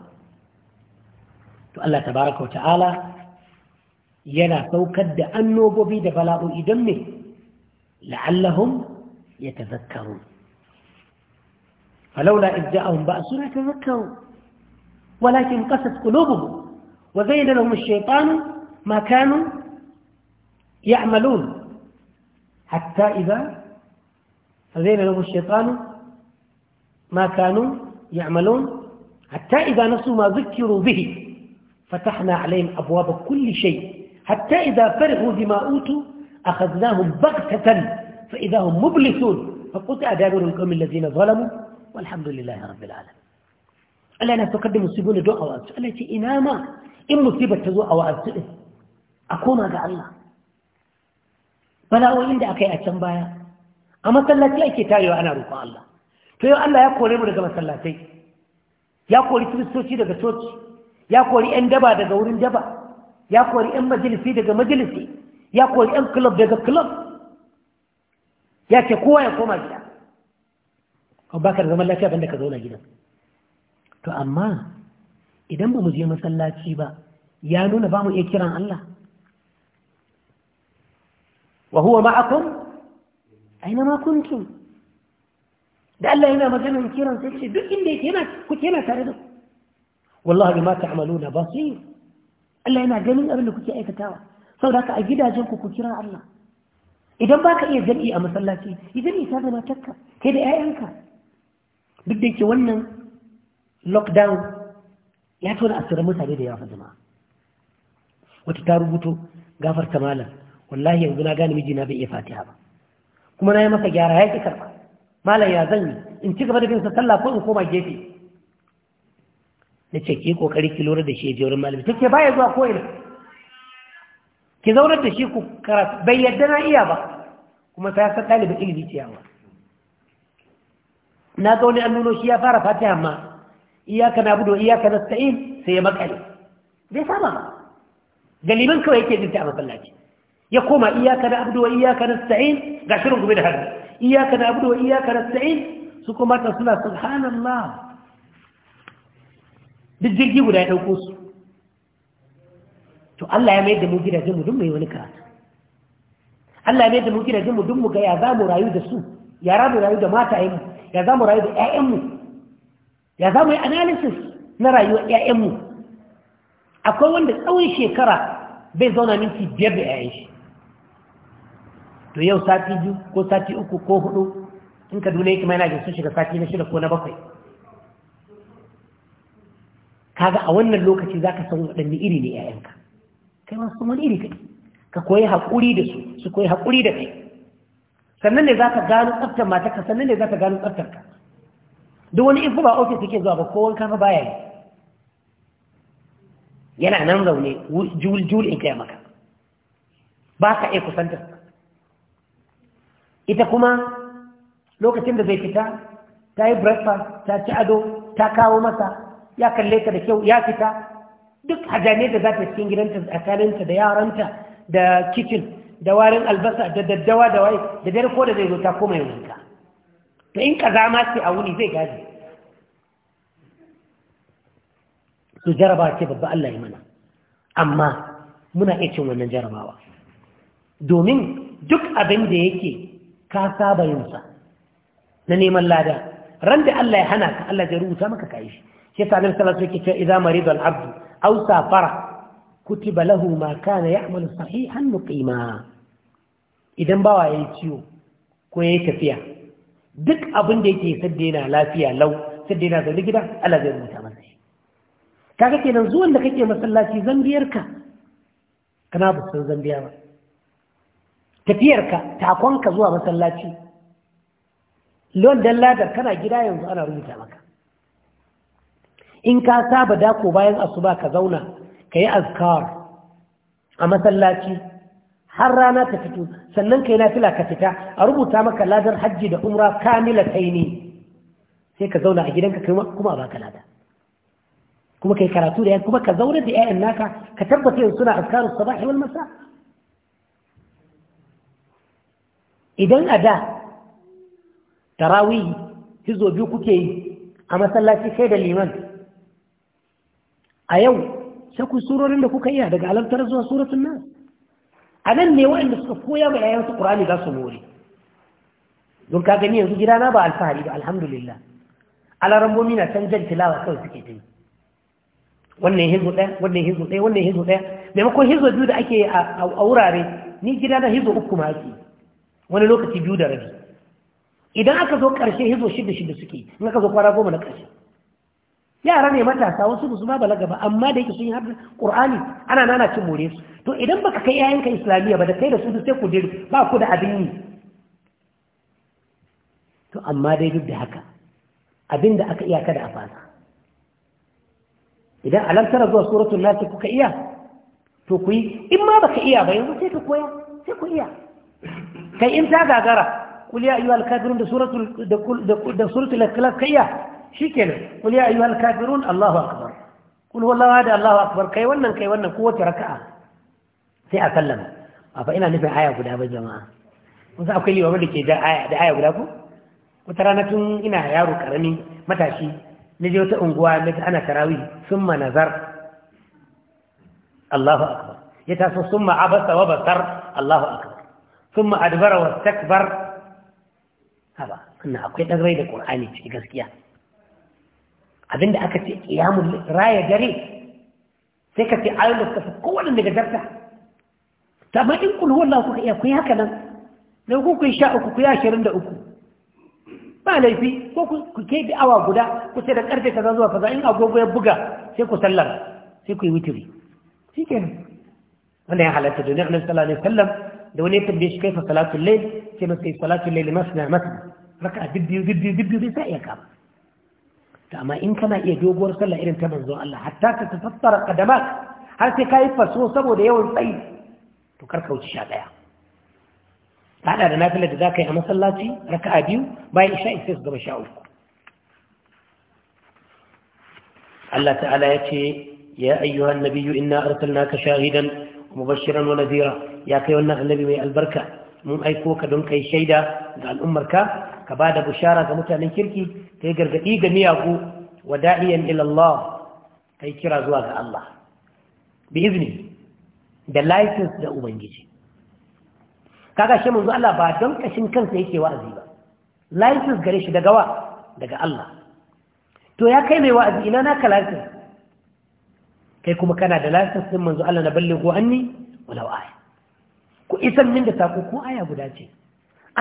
to Allah tabaraka wa ta'ala yana saukar da annobobi da bala'o'i idan me لعلهم يتذكرون فلولا إذ جاءهم بأسنا تذكروا ولكن قست قلوبهم وزين لهم الشيطان ما كانوا يعملون حتى إذا فزين لهم الشيطان ما كانوا يعملون حتى إذا نسوا ما ذكروا به فتحنا عليهم أبواب كل شيء حتى إذا فرغوا بما أوتوا أخذناهم بغتة فإذا هم مبلسون فقطع دابر القوم الذين ظلموا والحمد لله رب العالمين ألا أنا تقدم السبون دعا وأبسو ألا تي إناما إن مصيبة تزوء وأبسو أكون أقع الله فلا وإن دعك أتنبايا أما صلاتي أكي كتاري وأنا رفع الله فيو ألا يقول لي لك صلاتي يقول لي تبسوتي لك سوتي ya kori 'yan دبا daga ورن دبا ya kori 'yan مجلسي daga مجلسي ya kori 'yan club daga club ya ce kowa ya koma gida kan baka da zaman lafiya banda ka zauna gida, to amma idan ba mu je masallaci ba ya nuna ba mu iya kiran Allah wa huwa ma'akum aina ma kuntum da Allah yana maganar kiran sai ce duk inda yake yana kuke yana tare da ku wallahi bima ta'maluna basir Allah yana ganin abin da kuke aikatawa sau da ka a gidajen ku kira Allah idan baka iya jam'i a masallaci idan isa zama takka kai da 'ya'yanka duk da ke wannan lockdown ya tona asirin mutane da yawa jama'a wata ta rubuto ta malam wallahi yanzu na gane mijina bai iya fatiha ba kuma na yi masa gyara ya ki karba malam ya zan yi in ci gaba da bin sa sallah ko in koma gefe na ce ki kokari ki lura da shi ya je wurin malami take baya zuwa ko ina ki zaunar da shi ku karatu bai yadda na iya ba kuma ta san ɗalibin ilimi ciyawa na ga wani annuno shi ya fara fatiha amma iyaka na budo iyaka na sa'in sai ya makale bai saba ba galiban kawai yake jinta a masallaci ya koma iyaka na abudu wa iyaka na sa'in ga shirin gobe da hannu iyaka na abudu wa iyaka na sa'in su kuma ta suna subhanallah duk jirgi guda ya ɗauko su to Allah ya mai da mu gidajen mu duk mai wani karatu Allah ya mai da mu gidajen mu duk mu ga ya za mu rayu da su ya za mu rayu da matayen mu ya za mu rayu da ƴaƴan mu ya za mu yi analysis na rayuwar ƴaƴan mu akwai wanda tsawon shekara bai zauna minti biyar da ƴaƴan shi to yau sati biyu ko sati uku ko hudu in ka yake kuma yana jin sun shiga sati na shida ko na bakwai kaga a wannan lokaci zaka san waɗanne iri ne ƴaƴanka. kai ma su wani iri kai ka koyi haƙuri da su su koyi haƙuri da kai sannan ne za ka gano tsaftar ka sannan ne za ka gano tsaftar ka. duk wani in ba ofis yake zuwa ba wanka kafa baya yi yana nan zaune jul in kai maka ba ka iya kusantar ita kuma lokacin da zai fita ta yi breakfast ta ci ado ta kawo masa ya kalle ka da kyau ya fita duk hajjane da za ta cikin gidanta tsakaninta da yaranta da kicin da warin albasa da daddawa da wai da dare ko da zai zo ta mai wanka to in za ma ce a wuni zai gaji su jaraba ce babba Allah ya mana amma muna iya cin wannan jarabawa domin duk abin da yake ka saba yinsa na neman lada ran da Allah ya hana ka Allah ya rubuta maka kai shi sai ta nan salatu yake cewa idza maridu al-abdu أو سافر كتب له ما كان يعمل صحيحا مقيما idan bawa ya yi ciwo ko ya yi tafiya duk abin da سدينا ذا yana lafiya lau sadda كاكا zaune gida Allah zai rubuta masa shi kaga kenan zuwan da kake masallaci tafiyarka takonka zuwa masallaci lon dan ladar kana gida yanzu ana rubuta maka in ka saba dako bayan asuba ka zauna ka yi azkar a masallaci har rana ta fito sannan ka yi nafila ka fita a rubuta maka ladar hajji da umra kamila kai ne sai ka zauna a gidanka kuma a baka lada kuma kai karatu da yan kuma ka zauna da 'ya'yan naka ka tabbata yin suna azkarus sabahi wal masa idan a da tarawih hizo biyu kuke yi a masallaci kai da liman a yau sai ku surorin da kuka iya daga alantar zuwa suratun nan a nan ne waɗanda suka koya ma yayansu ƙur'ani za su more don ka gani yanzu gidana ba alfahari ba alhamdulillah alarambomi na can jan tilawa kawai suke ta yi wannan hizo ɗaya wannan hizo ɗaya wannan hizo ɗaya maimakon hizo biyu da ake a wurare ni gida na hizo uku ma ake wani lokaci biyu da rabi idan aka zo ƙarshe hizo shida shida suke in aka zo kwana goma na ƙarshe yara ne matasa wasu ba su ma balaga ba amma da yake sun yi haɗin ƙur'ani ana nana cin more su to idan baka kai yayanka islamiyya ba da kai da su sai ku diri ba ku da abin yi to amma dai duk da haka abin da aka iya kada a fasa idan lantara zuwa suratun nasi kuka iya to ku yi in ma baka iya ba yanzu sai ka koya sai ku iya kai in ta gagara kuliya ayyuhal kafirun da suratul da suratul ikhlas ka iya shi nan kul ya ayyuhal kafirun Allahu akbar kul wallahu hada Allahu akbar kai wannan kai wannan ko wace raka'a sai a sallama a fa ina nufin aya guda ba jama'a mun sa akwai liwa da ke da aya da aya guda ko wata rana tun ina yaro karami matashi na je wata unguwa na ana tarawi summa nazar Allahu akbar ya taso summa abasa wa basar Allahu akbar summa adbara wa takbar haba kana akwai dagrai da Qur'ani cikin gaskiya abinda aka ce kiyamun raya dare sai ka ce ayon da suka fi kowane daga darta, ta ma in kulu wallahu kuka iya kun haka nan na ku kun sha uku ku ya ashirin da uku ba laifi ko ku ke bi awa guda ku sai da karfe kaza zuwa kaza in agogo ya buga sai ku sallar sai ku yi witiri shi kenan wanda ya halatta domin annabi sallallahu ne sallar, da wani ya tambaye shi fa salatun lai sai masa salatul layl masna masna raka bibbiyu bibbiyu bibbiyu bai sa iya kama amma in kana iya doguwar sallah irin ta manzo Allah hatta ka tafassara qadamak har sai kai faso saboda yawan tsayi to kar ka wuce sha daya kada da nafila da zaka yi a masallaci raka'a biyu bayan isha sai su gaba sha uku Allah ta'ala ya ce ya ayyuhan nabiyyu inna arsalnaka shahidan mubashiran wa nadhira ya kai wannan annabi mai albarka mun aiko ka don kai shaida ga al'ummarka ka ba da bushara ga mutanen kirki ka yi gargaɗi ga miyagu wa da'iyan ilallah ka yi kira zuwa ga Allah bi izini da license da ubangiji Ka shi mun Allah ba don kashin kansa yake wa'azi ba license gare shi daga wa daga Allah to ya kai mai wa'azi ina naka license kai kuma kana da license din manzo Allah na ballighu anni walau aya ku isan min da sako ko aya guda ce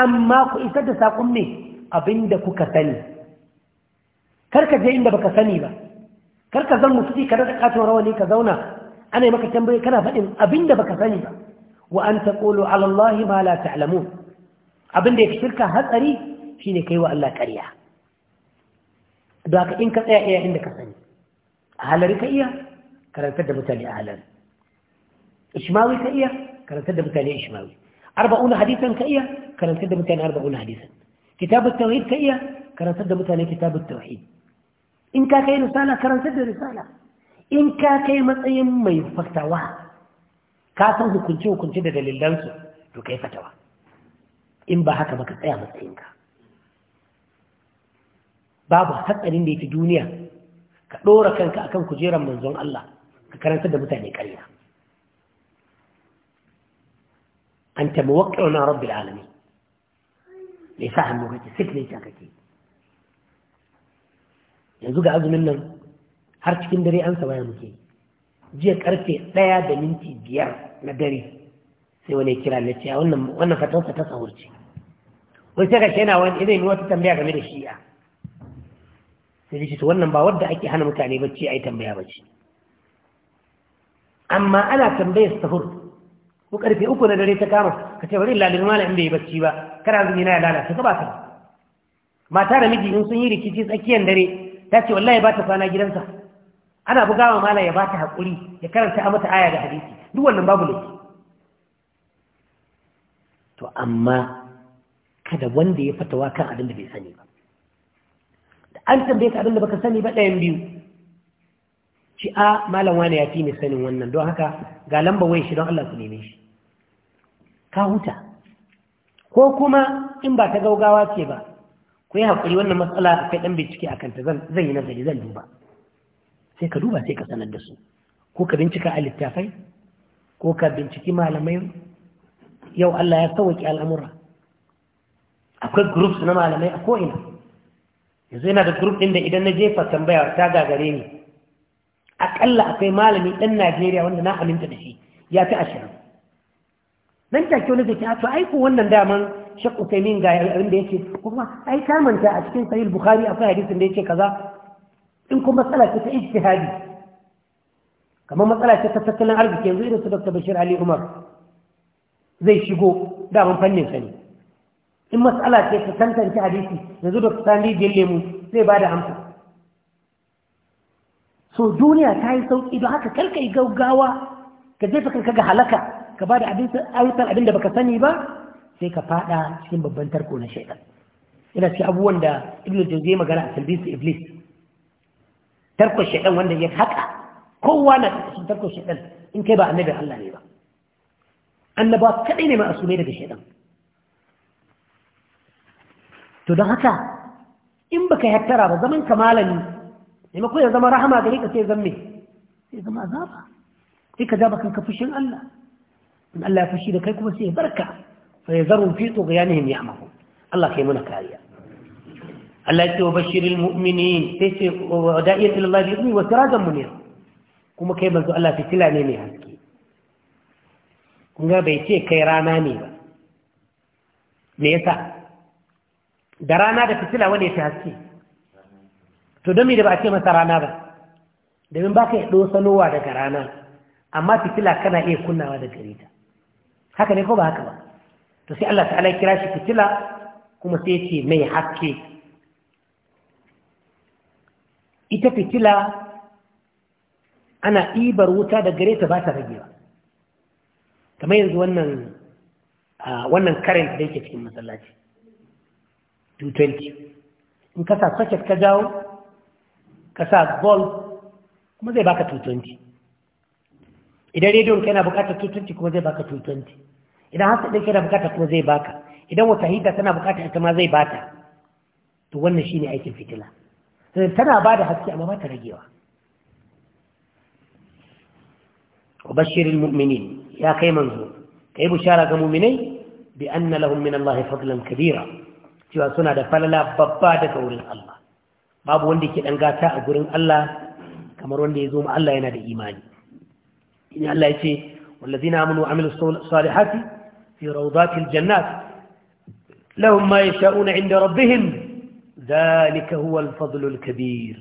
amma ku isar da saƙon ne abinda kuka sani karka je inda baka sani ba karka zan musu ka da katon rawa ne ka zauna ana yi maka tambaye kana faɗin abinda baka sani ba wa an ta ƙolo alallahi ma la ta'lamun abinda ya fi shirka hatsari shine kai wa Allah ƙarya don haka in ka tsaya iya inda ka sani a halari ka iya karantar da mutane a halari ishmawi ka iya karantar da mutane ishmawi أربعون حديثا كأية كان تبدأ مثلا أربعون حديثا كتاب التوحيد كأية كان تبدأ مثلا كتاب التوحيد إن كان كأي رسالة كان تبدأ رسالة إن كان كأي مسأي ما يفكت واه كاسمه كنتي وكنتي ده دليل لنسه لو كيف توا إن بحك ما كنت أعمل تينك بابا حتى إن في الدنيا كدورك أنك أكم كجيرا من زون الله كان تبدأ مثلا كأية أنت موقع مع رب العالمين لفهم وكتي سكني تاكتي yanzu ga azumin nan har cikin dare an sawaya muke jiya karfe ɗaya da minti biyar na dare sai wani kira na cewa wannan fatansa ta sahurci wai sai ka yana wani idan wata tambaya game da shi'a sai ce wannan ba wadda ake hana mutane bacci a yi tambaya bacci amma ana tambayar sahur ko karfe uku na dare ta kama ka ce bari lalin mana in ya bacci ba kana zuwa yana lalata ka ba ka? mata da miji in sun yi rikici tsakiyar dare ta ce wallahi ba ta kwana gidansa ana bugawa mala ya ba ta haƙuri ya karanta a mata aya da hadisi duk wannan babu ne to amma kada wanda ya fatawa kan abin da bai sani ba da an tambaye ka abin da baka sani ba ɗayan biyu ci a malam wani ya fi mai sanin wannan don haka ga lamba wai shi don Allah su neme shi ka huta ko kuma in ba ta gaugawa ce ba ku yi haƙuri wannan matsala kai ɗan bincike a kanta zan yi nazari zan duba sai ka duba sai ka sanar da su ko ka bincika a littafai ko ka binciki malamai yau Allah ya sauwaƙi al'amura akwai group na malamai a ko'ina yanzu yana da group ɗin da idan na jefa tambaya ta gagare ni aƙalla akwai malami ɗan Najeriya wanda na aminta da shi ya fi ashirin nan take wani zai to ai ko wannan daman shakku min ga abin da yake kuma ai ka manta a cikin sahih bukhari akwai hadisin da yake kaza in kuma matsala ce ta ijtihadi kamar matsala ce ta tattalin arziki yanzu irin su Dr. Bashir Ali Umar zai shigo daman fannin sa ne in matsala ce ta tantance hadisi yanzu Dr. Sani Jellemu zai bada amsa so duniya ta yi sauki don haka kalkai gaggawa ka jefa kanka ga halaka ka ba da amsar abin da baka sani ba sai ka fada cikin babban tarko na shaitan ina ci abubuwan da ibnu jauzi magana a talbis iblis tarko shaitan wanda ya haka kowa na cikin tarko shaitan in kai ba annabi Allah ne ba annaba kadai ne ma'asumai daga shaitan to don haka in baka yattara ba zaman kamalani maimakon ya zama rahama gare ka sai zan me sai zama azaba sai ka ja bakan ka Allah in Allah ya fushi da kai kuma sai ya barka fa ya zarru fi tughyanihim ya'mahu Allah kai muna kariya Allah ya ce wa bashiril mu'minin sai ce wa da'iyat ila Allah bi'izni wa sirajan munir kuma kai manzo Allah fitila ne mai haske kun ga bai ce kai rana ne ba me yasa da rana da fitila wanda ya fi haske to don me da ba a ce masa rana ba domin ba ka yi ɗosanowa daga rana amma fitila kana iya kunnawa da gare ta haka ne ko ba haka ba to sai Allah ta'ala kira shi fitila kuma sai ya ce mai haske ita fitila ana ɗibar wuta da gare ta ba ta ragewa kamar yanzu wannan wannan current da yake cikin masallaci 220 in ka sa socket ka jawo ka sa bulb kuma zai baka 220 idan rediyon yana bukatar 220 kuma zai baka 220 idan hasa ɗin yana bukatar kuma zai baka idan wata hita tana bukatar ita ma zai bata to wannan shine aikin fitila tana ba da haske amma ba ta ragewa wa bashirin mu'minin ya kai manzo ka yi bushara ga mu'minai bi anna lahum min Allah fadlan kabira cewa suna da falala babba daga wurin Allah babu wanda ke dan gata a gurin Allah kamar wanda ya zo Allah yana da imani ne Allah ya ce wallazina amanu wa amilus salihati fi rawdatil jannat lahum ma yasha'una 'inda rabbihim zalika huwal fadlul kabir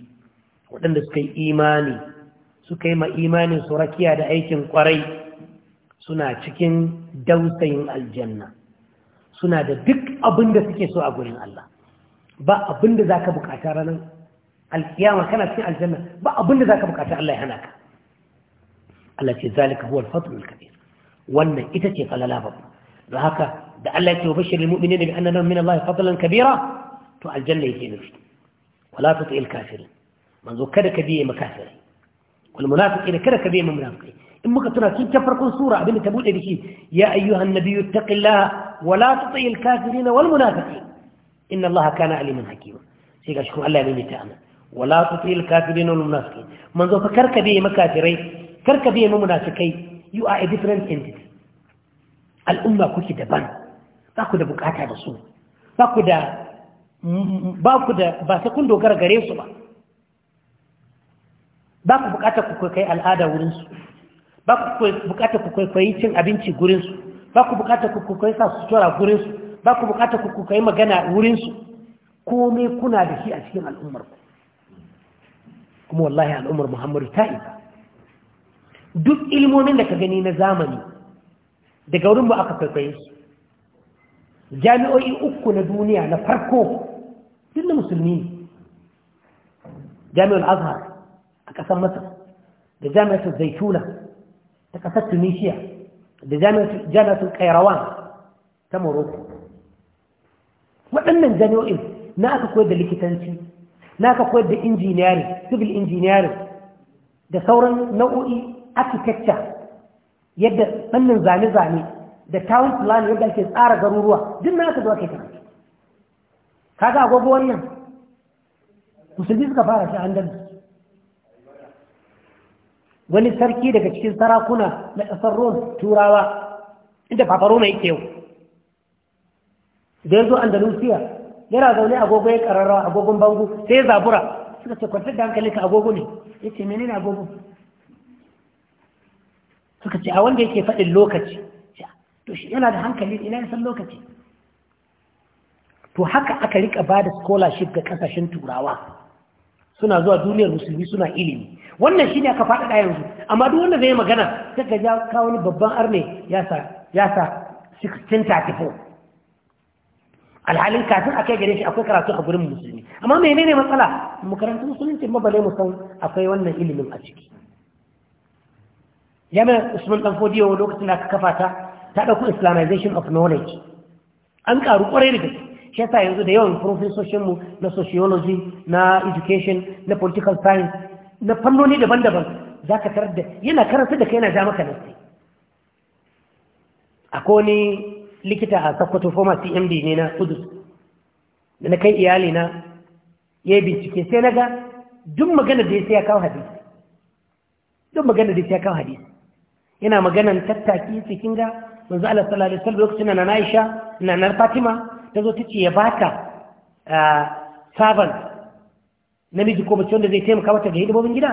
waɗanda suka yi imani suka yi ma imanin su da aikin kwarai suna cikin dausayin aljanna suna da duk suke so a gurin Allah ba abin da zaka bukata ranar alkiyama kana cikin aljanna ba abin da ka bukata Allah ya hana ka Allah ce zalika huwa al-fadlul kabir wannan ita ce falala babba don haka da Allah ya ce bashir lil mu'minina bi anna lahum min Allah fadlan kabira to aljanna yake nufi wala tu'il kafirin manzo kada ka biye makafiri wal munafiqina kada ka biye munafiqai in muka tuna tun ta farkon sura abin da ta buɗe biki ya ayyuhan nabiyyu taqillaha wala tu'il kafirin wal munafiqin inna Allah kana aliman hakima sai ga shi manzo fa biye karka biye mu munafikai you are a different entity al'umma kuke daban ba ku da bukata da su ba ku da ba ku da ba sai kun dogara gare su ba ba ku bukata ku kai al'ada wurin su ba ku bukata ku kai cin abinci gurin su ba ku bukata ku kai sa su tura gurin su ba ku bukata ku kai magana wurin su komai kuna da shi a cikin al'ummar ku kuma wallahi al'ummar Muhammadu ta isa duk ilmomin da ka gani na zamani daga wurin ba aka kwaikwaye su jami'o'i uku na duniya na farko duk na musulmi ne jami'ar azhar a ƙasar masar da jami'ar su zaituna ta ƙasar tunisia da jami'ar su kairawan ta morocco waɗannan jami'o'i na aka koyar da likitanci na aka koyar da injiniyari civil injiniyari da sauran nau'o'i architecture yadda fannin zane-zane da town plan yadda ake tsara garuruwa duk na aka zo ake tara kaga agogo wannan musulmi suka fara shi andalus wani sarki daga cikin sarakuna na ƙasar rom turawa inda fafaroma yake yau da ya andalusiya yana zaune agogo ya kararrawa agogon bango sai ya zabura suka ce kwantar da hankali ka agogo ne ya ce menene agogo suka ce a wanda yake faɗin lokaci to shi yana da hankali ina yasan lokaci to haka aka rika ba da scholarship ga kasashen turawa suna zuwa duniyar musulmi suna ilimi wannan shi ne aka faɗaɗa yanzu amma duk wanda zai magana ta ga kawo wani babban arne ya sa 1634 alhalin kafin a kai gare shi akwai karatu a gurin musulmi amma menene matsala makarantun musulunci mabale mu san akwai wannan ilimin a ciki jami'ar usman ɗan fodiyo lokacin da aka kafa ta ta ɗauku islamization of knowledge an ƙaru kwarai da gaske shi yasa yanzu da yawan profesoshin mu na sociology na education na political science na fannoni daban-daban Za ka tarar da yana karanta da kai yana ja maka nasi akwai wani likita a sakwato former CMD ne na Kudus da na kai iyali na ya bincike sai na ga duk magana da ya sai ya kawo hadisi duk magana da ya sai ya kawo hadisi yana maganan tattaki cikin ga manzo Allah sallallahu alaihi wasallam lokacin nan Aisha na nan Fatima tazotaci tace ya bata servant namiji ko mace wanda zai taimaka mata ga hidimomin gida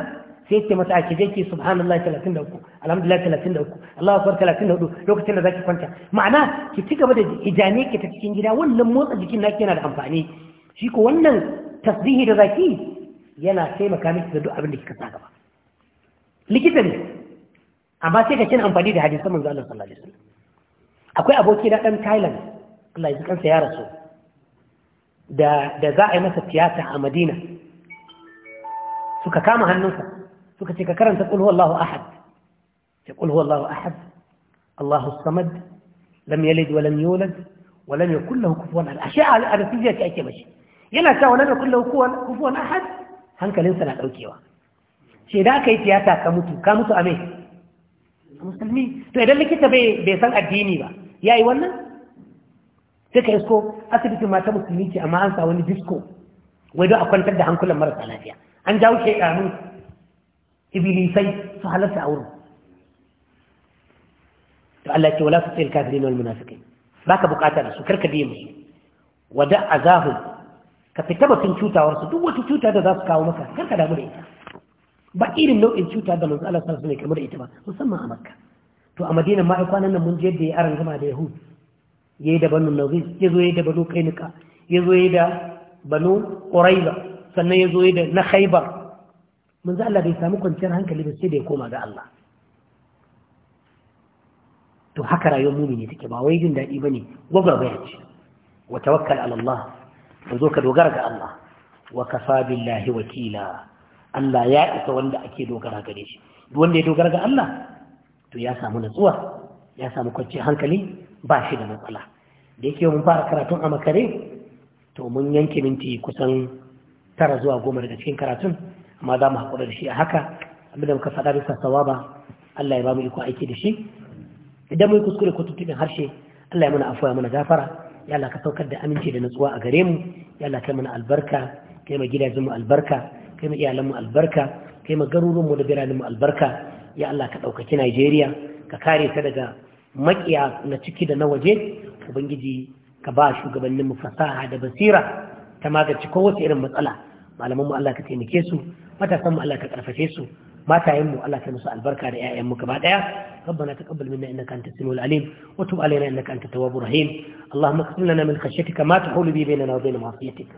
sai ce mata ake jake subhanallah 33 alhamdulillah 33 Allahu akbar 34 lokacin da zaki kwanta ma'ana ki ci gaba da ijane ki ta cikin gida wannan motsa jikin naki yana da amfani shi ko wannan tasbihi da zaki yana taimaka miki da duk abin da kika sa gaba likita ne amma sai ka kin amfani da hadisan manzo Allah sallallahu alaihi wasallam akwai aboki na dan Thailand Allah ya kansa ya rasu da da za a yi masa tiyata a Madina suka kama hannunsa suka ce ka karanta qul huwallahu ahad ya qul huwallahu ahad Allahu samad lam yalid wa lam yulad wa lam yakul lahu kufuwan ahad ashe a rasiya ce ake mashi yana cewa lam yakul lahu kufuwan ahad hankalinsa na daukewa sai da aka tiyata ka mutu ka mutu a me musulmi to idan likita bai san addini ba ya wannan sai ka isko asibitin mata musulmi ce amma an sa wani disko wai don a kwantar da hankulan marasa lafiya an jawo shekaru ibilisai su halarta a wurin to Allah ce wala su tsayar kafirin wal munafiqin baka bukata da su karka biye musu wada azahu. ka fita batun cutawar su duk wata cuta da za su kawo maka karka damu da ita ba irin nau'in cuta da manzo Allah sallallahu alaihi kamar ita ba musamman a makka to a madina ma ai kwanan nan mun je da ya aran gama da yahud yayi da banu nawis yazo yayi da banu kainuka yazo yayi da banu quraiza sannan yazo yayi da na khaybar manzo Allah bai samu kwanciyar hankali ba sai da ya koma ga Allah to haka rayuwar mumini take ba wai jin daɗi bane gwagwarmaya ce wa tawakkal ala Allah ka zo ka dogara ga Allah wa kafa billahi wakila Allah ya isa wanda ake dogara gare shi duk wanda ya dogara ga Allah to ya samu natsuwa ya samu kwanciyar hankali ba shi da matsala da yake mun fara karatun a makare to mun yanke minti kusan tara zuwa goma daga cikin karatun amma za mu haƙura da shi a haka abinda muka faɗa bisa sawaba Allah ya ba mu iko aiki da shi idan mun kuskure ko tuntuɓin harshe Allah ya mana afuwa mana gafara ya Allah ka saukar da aminci da natsuwa a gare mu ya Allah kai mana albarka kai ma gidajen mu albarka kai mu iyalan mu albarka kai mu garuruwan mu da biranen mu albarka ya Allah ka ɗaukaki Najeriya ka kare ta daga makiya na ciki da na waje ubangiji ka ba shugabannin mu fasaha da basira ta magance kowace irin matsala malaman mu Allah ka taimake su matasan mu Allah ka karfafe su matayen mu Allah ka musu albarka da ƴaƴan mu gaba daya ربنا تقبل منا انك انت السميع العليم وتب علينا انك انت التواب الرحيم اللهم اغفر لنا من خشيتك ما تحول به بيننا وبين معصيتك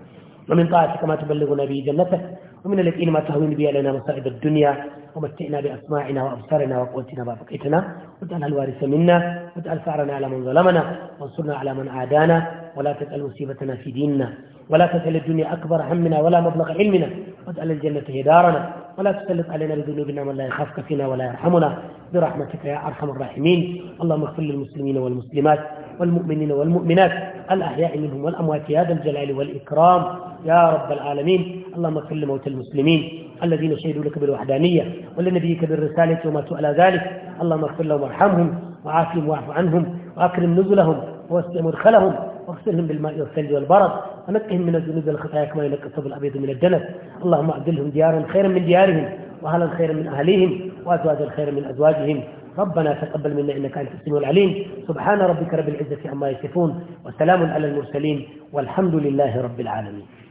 ومن طاعتك ما تبلغنا به جنتك ومن الذين ما تهون بي لنا مصائب الدنيا ومتئنا بأسماعنا وأبصارنا وقوتنا ما بقيتنا واجعلنا الوارث منا واجعل ثأرنا على من ظلمنا وانصرنا على من عادانا ولا تجعل مصيبتنا في ديننا ولا تجعل الدنيا أكبر همنا ولا مبلغ علمنا واجعل الجنة هي دارنا ولا تسلط علينا بذنوبنا من لا يخافك فينا ولا يرحمنا برحمتك يا أرحم الراحمين اللهم اغفر للمسلمين والمسلمات والمؤمنين والمؤمنات الأحياء منهم والأموات يا ذا الجلال والإكرام يا رب العالمين اللهم كل موت المسلمين الذين شهدوا لك بالوحدانية ولنبيك بالرسالة وما على ذلك اللهم اغفر لهم وارحمهم وعافهم واعف عنهم وأكرم نزلهم ووسع مدخلهم واغسلهم بالماء والثلج والبرد ونقهم من الذنوب والخطايا كما ينقى الثوب الابيض من الدنس اللهم اعدلهم ديارا خيرا من ديارهم واهلا خيرا من اهليهم وازواجا خيرا من ازواجهم ربنا تقبل منا إنك أنت السميع العليم سبحان ربك رب العزة عما يصفون وسلام على المرسلين والحمد لله رب العالمين